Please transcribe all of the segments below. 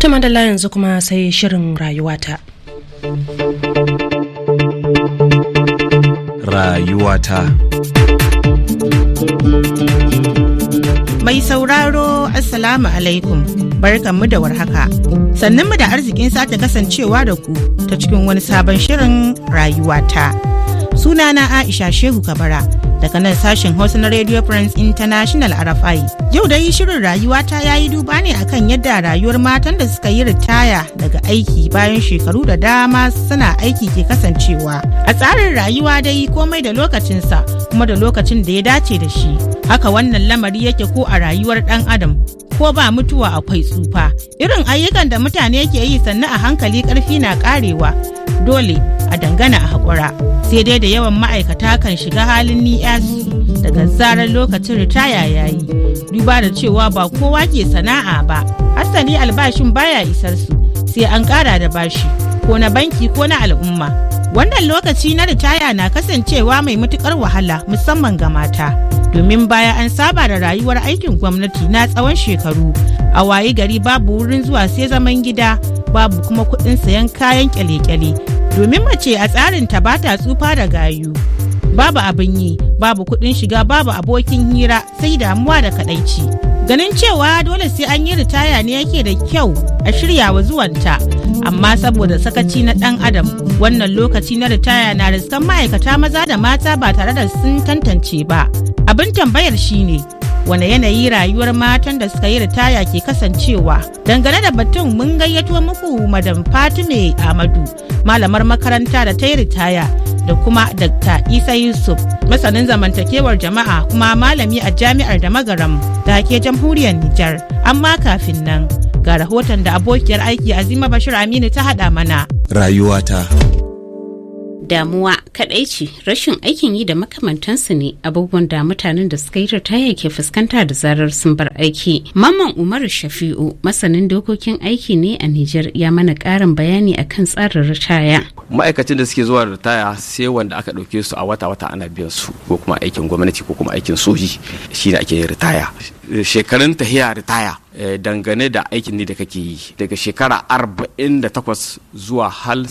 ta da yanzu kuma sai shirin rayuwata rayuwata mai sauraro assalamu alaikum barkanmu da warhaka sannanmu da arzikin sake kasancewa da ku ta cikin wani sabon shirin rayuwata sunana aisha shehu kabara daga nan sashen Hausa na Radio France International RFI. Yau dai shirin rayuwa ta yayi duba ne akan yadda rayuwar matan da suka yi ritaya daga aiki bayan shekaru da dama suna aiki ke kasancewa. A tsarin rayuwa dai komai da lokacinsa. kuma da lokacin da ya dace da shi haka wannan lamari yake ko a rayuwar ɗan adam ko ba mutuwa akwai tsufa irin ayyukan da mutane ke yi sannu a hankali ƙarfi na ƙarewa dole a dangana a haƙura sai dai da yawan ma'aikata kan shiga halin ni'yasu daga zarar lokacin ritaya ya yi duba da cewa ba kowa ke sana'a ba hasali albashin baya isar su sai an ƙara da bashi ko na banki ko na al'umma Wannan lokaci na ritaya na kasancewa mai matukar wahala musamman ga mata. Domin baya an saba da rayuwar aikin gwamnati na tsawon shekaru, a waye gari babu wurin zuwa sai zaman gida, babu kuma kuɗin sayan kayan kyale-kyale. Domin mace a tsarin ta ba ta tsufa da gayu. Babu abin yi, babu kuɗin shiga, babu abokin hira, sai damuwa da kadaici. Ganin cewa dole sai an yi ritaya ne yake da kyau a shiryawa zuwanta. amma saboda sakaci na ɗan adam wannan lokaci na ritaya na riskan ma'aikata maza da mata ba tare da sun tantance ba abin tambayar shine wane yanayi rayuwar matan da suka yi ritaya ke kasancewa dangane da batun mun gayyato muku madam fatime amadu malamar makaranta da ta yi ritaya da kuma dr isa yusuf masanin zamantakewar jama'a kuma malami a jami'ar da magaram da ke jamhuriyar nijar amma kafin nan Ga rahoton da abokiyar aiki Azima Bashir Aminu ta haɗa mana. Rayuwata. Damuwa kadaici rashin aikin yi da makamantansu ne abubuwan da mutanen da suka yi ritaya ke fuskanta da zarar sun bar aiki maman umaru shafi'u masanin dokokin aiki ne a nijar ya mana karin bayani a kan tsarin ritaya ma'aikacin da suke zuwa ritaya sai wanda aka ɗauke su a wata-wata ana biyan su ko kuma aikin gwamnati ko kuma aikin soji shi ne ake ritaya shekarun tahiya ritaya eh, dangane da aikin ne da kake yi daga shekara arba'in da 48 zuwa hal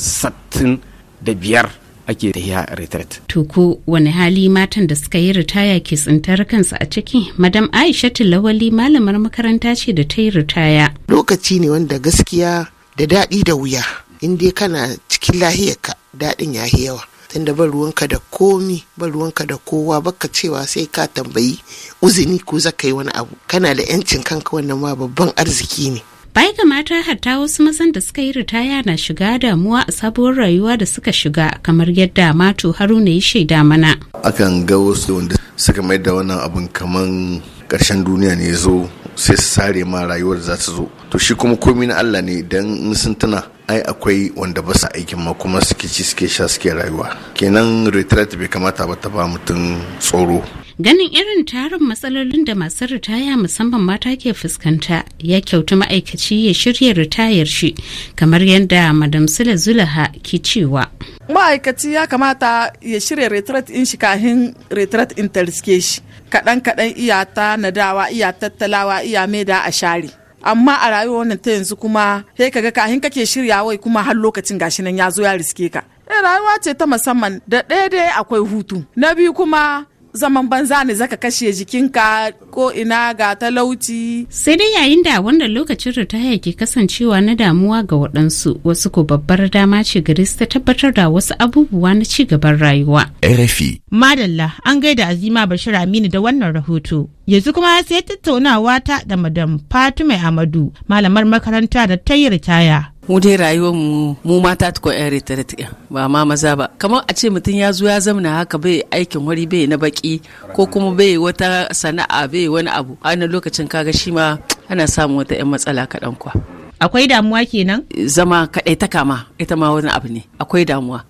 biyar. ake tahiya retret. To ko wani hali matan da suka yi ritaya ke tsintar kansu a ciki? Madam Aisha tilawali malamar makaranta ce da ta yi ritaya. Lokaci ne wanda gaskiya da daɗi da wuya. In dai kana cikin lahiyarka daɗin ya yawa. tunda ba ruwanka da komi ba ruwanka da kowa baka cewa sai ka tambayi uzini ko zaka yi wani abu kana da yancin kanka wannan ma babban arziki ne bai ga mata hatta wasu mazan da suka yi ritaya na shiga damuwa a sabuwar rayuwa da suka shiga kamar yadda Mato Haruna ya shaida mana. Akan ga wasu wanda suka mai da wannan abin kaman karshen duniya ne zo sai su sare ma rayuwar za ta zo to shi kuma komi na Allah ne dan in sun tuna ai akwai wanda ba su aikin ma kuma suke ci suke sha suke rayuwa kenan retreat bai kamata ba ta ba mutum tsoro Ganin irin tarin matsalolin da masu ritaya musamman mata ke fuskanta ya kyautu ma'aikaci ya shirya ritayar shi kamar yadda Madam Sula Zulaha ke cewa. Ma'aikaci ya kamata ya shirya retret in shi kahin retret in tariske shi. Kaɗan-kaɗan iya ta nadawa, iya tattalawa, iya maida a share. amma a rayuwar wannan ta yanzu kuma sai ga kahin kake shirya wai kuma har lokacin gashi nan ya zo ya riske ka eh, rayuwa ce ta musamman da ɗaya dai akwai hutu na biyu kuma zaman banza ne zaka kashe jikinka ko ina ga talauci. Sai dai yayin da wannan lokacin ritaya ke kasancewa na damuwa ga waɗansu wasu ko babbar dama ce gare su ta tabbatar da wasu abubuwa na ci gaban rayuwa. RFI. Madalla an gaida Azima Bashir Aminu da wannan rahoto. Yanzu kuma sai tattaunawa ta da Madam Fatima Amadu malamar makaranta da ta yi ritaya. mu dai rayuwar mu mu mata tukwa yan retiret ba ma maza ba kamar a ce mutum ya zo ya zamana haka bai aikin wari bai na baki ko kuma bai wata sana'a bai wani abu a wannan lokacin kaga shi ma ana samun wata yan matsala kaɗan kwa akwai damuwa kenan zama kadai ta kama ita ma wani abu ne akwai damuwa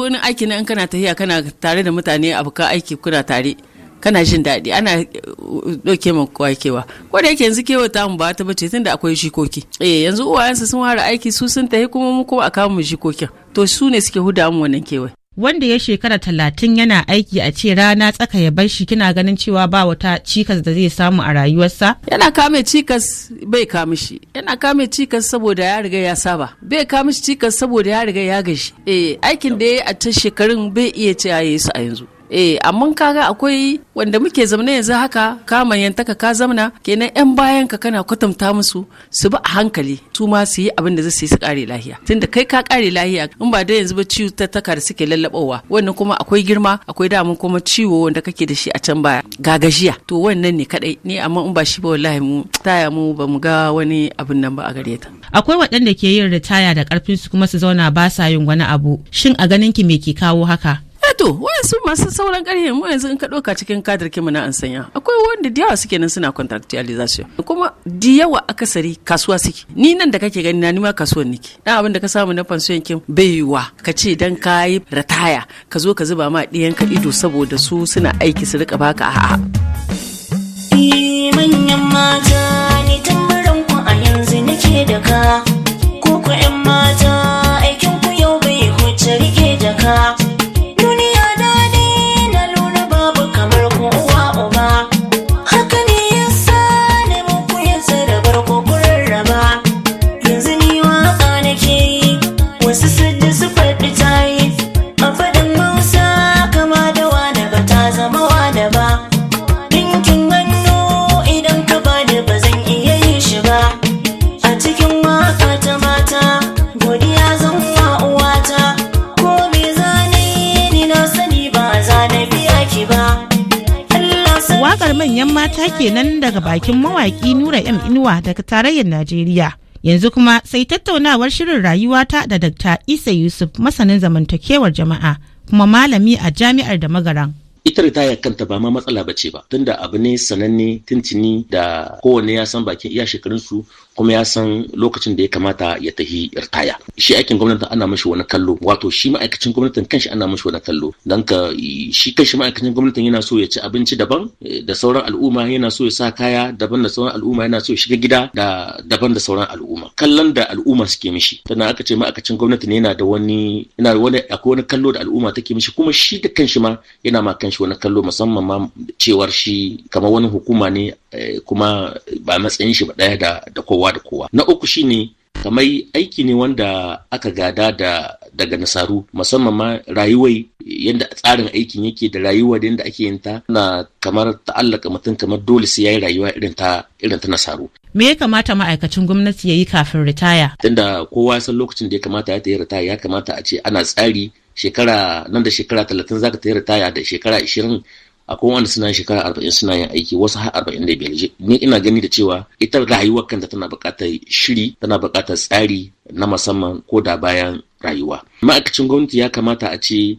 wani aiki na in kana tafiya kana tare da mutane abu ka aiki kuna tare kana jin daɗi ana eh, ɗauke ma kowa kewa ko da yake yanzu kewa tamu ba ta bace tunda akwai shikoki eh yanzu uwayensu sun fara aiki su sun tafi kuma mu kuma a kawo mu shikokin to su ne suke huda mu wannan kewa wanda ya shekara talatin yana aiki a ce rana tsaka ya bar shi kina ganin cewa ba wata cikas da zai samu a rayuwarsa? Yana kame cikas bai kame shi. Yana kame cikas saboda ya riga ya saba. Bai kame shi cikas saboda ya riga ya gashi. Eh aikin da ya yi a ta shekarun bai iya ce ya yi su a yanzu. eh amma kaga akwai wanda muke zamana yanzu haka kama yantaka ka zamana kenan yan bayan ka kana kwatanta musu su bi a hankali su ma su yi abin da zai su kare lahiya tunda kai ka kare lahiya in ba da yanzu ba ciwo cututtuka da suke lallabawa wannan kuma akwai girma akwai damun kuma ciwo wanda kake da shi a can baya gagajiya to wannan ne kadai ni amma in ba shi ba wallahi mu taya mu ba mu ga wani abin nan ba a gare ta akwai waɗanda ke yin ritaya da karfin su kuma su zauna ba sa yin wani abu shin a ganin ki me ke kawo haka to wasu masu sauran ƙarhe mu yanzu in ka ɗauka cikin kadar na an sanya akwai wanda da yawa suke nan suna contractualization kuma da yawa akasari kasuwa suke ni nan da kake gani na nima ma kasuwar niki dan abin da ka samu na fansiyon kin baiwa ka ce dan kayi rataya ka zo ka zuba ma ɗiyan ka ido saboda su suna aiki su rika baka a'a mata kenan daga bakin mawaki Nura M Inuwa daga tarayyar Najeriya. Yanzu kuma sai tattaunawar shirin rayuwata da Dr. Isa Yusuf masanin zamantakewar jama'a kuma malami a jami'ar da magaran. ita ritaya kanta ba ma matsala ba ce ba tunda abu ne sananne tuntuni da kowanne ya san bakin iya shekarun su kuma ya san lokacin da ya kamata ya tahi ritaya shi aikin gwamnati ana mashi wani kallo wato shi ma'aikacin gwamnatin kanshi ana mashi wani kallo don ka shi kanshi ma'aikacin gwamnatin yana so ya ci abinci daban eh, da sauran al'umma yana so ya sa kaya daban da sauran al'umma yana so ya shiga gida da daban da sauran al'umma kallon da al'umma suke mishi tana aka ce ma'aikacin gwamnati ne yana da wani yana wani akwai wani kallo da al'umma take mishi kuma shi da kanshi ma yana ma kanshi shi wani kallo musamman ma cewar shi kamar wani hukuma ne eh, kuma ba matsayin shi ba ɗaya da kowa da kowa na uku shi ne kamar aiki ne wanda aka gada da daga nasaru musamman ma rayuwai yadda tsarin aikin yake da rayuwa da yadda ake yinta ta na kamar ta'allaka mutum kamar dole sai yayi rayuwa irin ta nasaru me ya kamata ma'aikacin gwamnati ya yi kafin ritaya tunda kowa san lokacin da ya kamata ya yi ritaya ya kamata a ce ana tsari shekara nan da shekara talatin zaka ta yi ritaya da shekara ashirin akwai wanda suna shekara arba'in suna yin aiki wasu har arba'in da biyar ni ina gani da cewa ita rayuwar kanta tana buƙatar shiri tana buƙatar tsari na musamman ko da bayan rayuwa ma'aikacin gwamnati ya kamata a ce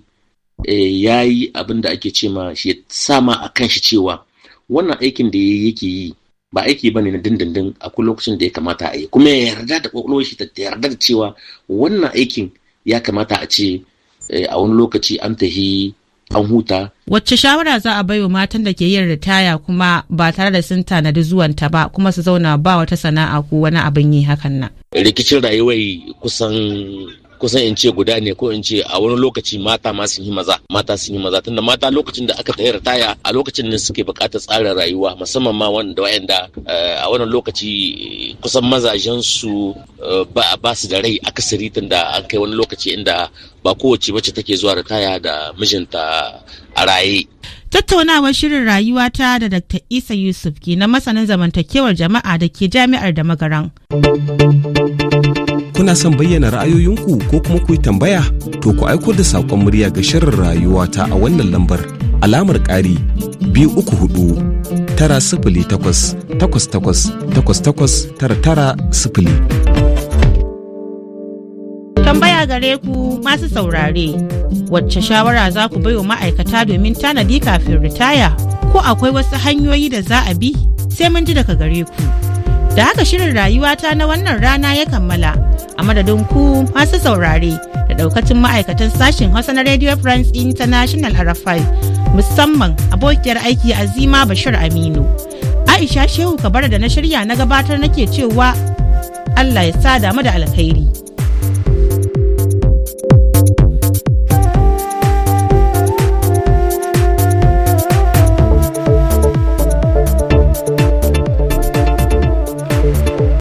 eh, ya yi abin da ake ce ma shi sa ma a kan shi cewa wannan aikin da yake yi ba aiki ba ne na dindindin a lokacin da ya kamata a yi kuma ya yarda da kwakwalwar shi ta yarda da cewa wannan aikin ya kamata a ce Eh, a wani lokaci an tahi an huta. Wacce shawara za a bai wa matan da ke yin ritaya kuma ba tare da sun tanadi zuwanta ba kuma su zauna ba wata sana'a ko wani abin yi hakan nan. Rikicin rayuwar kusan kusan in ce guda ne ko in ce a wani lokaci mata ma sun yi maza mata sun yi maza tunda mata lokacin da aka tayar taya a lokacin da suke buƙatar tsarin rayuwa musamman ma wanda wayanda eh, a wannan lokaci kusan mazajen su eh, ba ba su da rai akasari tunda an kai wani lokaci inda ba kowace wacce take zuwa da taya da mijinta a raye tattaunawar shirin rayuwa ta da Dr. Isa Yusuf ke na masanin zamantakewar jama'a da ke jami'ar da magaran. kuna son bayyana ra'ayoyinku ko kuma ku yi tambaya to ku aiko da saƙon murya ga shirin rayuwa ta a wannan lambar alamar ƙari biyu uku hudu tara sifili takwas takwas takwas takwas takwas tara tara sifili. Tambaya gare ku masu saurare wacce shawara za ku bai wa ma'aikata domin tanadi kafin ritaya ko akwai wasu hanyoyi da za a bi sai mun ji daga gare ku. Da haka shirin rayuwata na wannan rana ya kammala. madadin ku masu saurare da daukacin ma'aikatan sashen Hausa na Radio France International RFI musamman abokiyar aiki Azima Bashir Aminu. Aisha Shehu Kabara da na shirya na gabatar nake cewa Allah ya sada mu da alkhairi.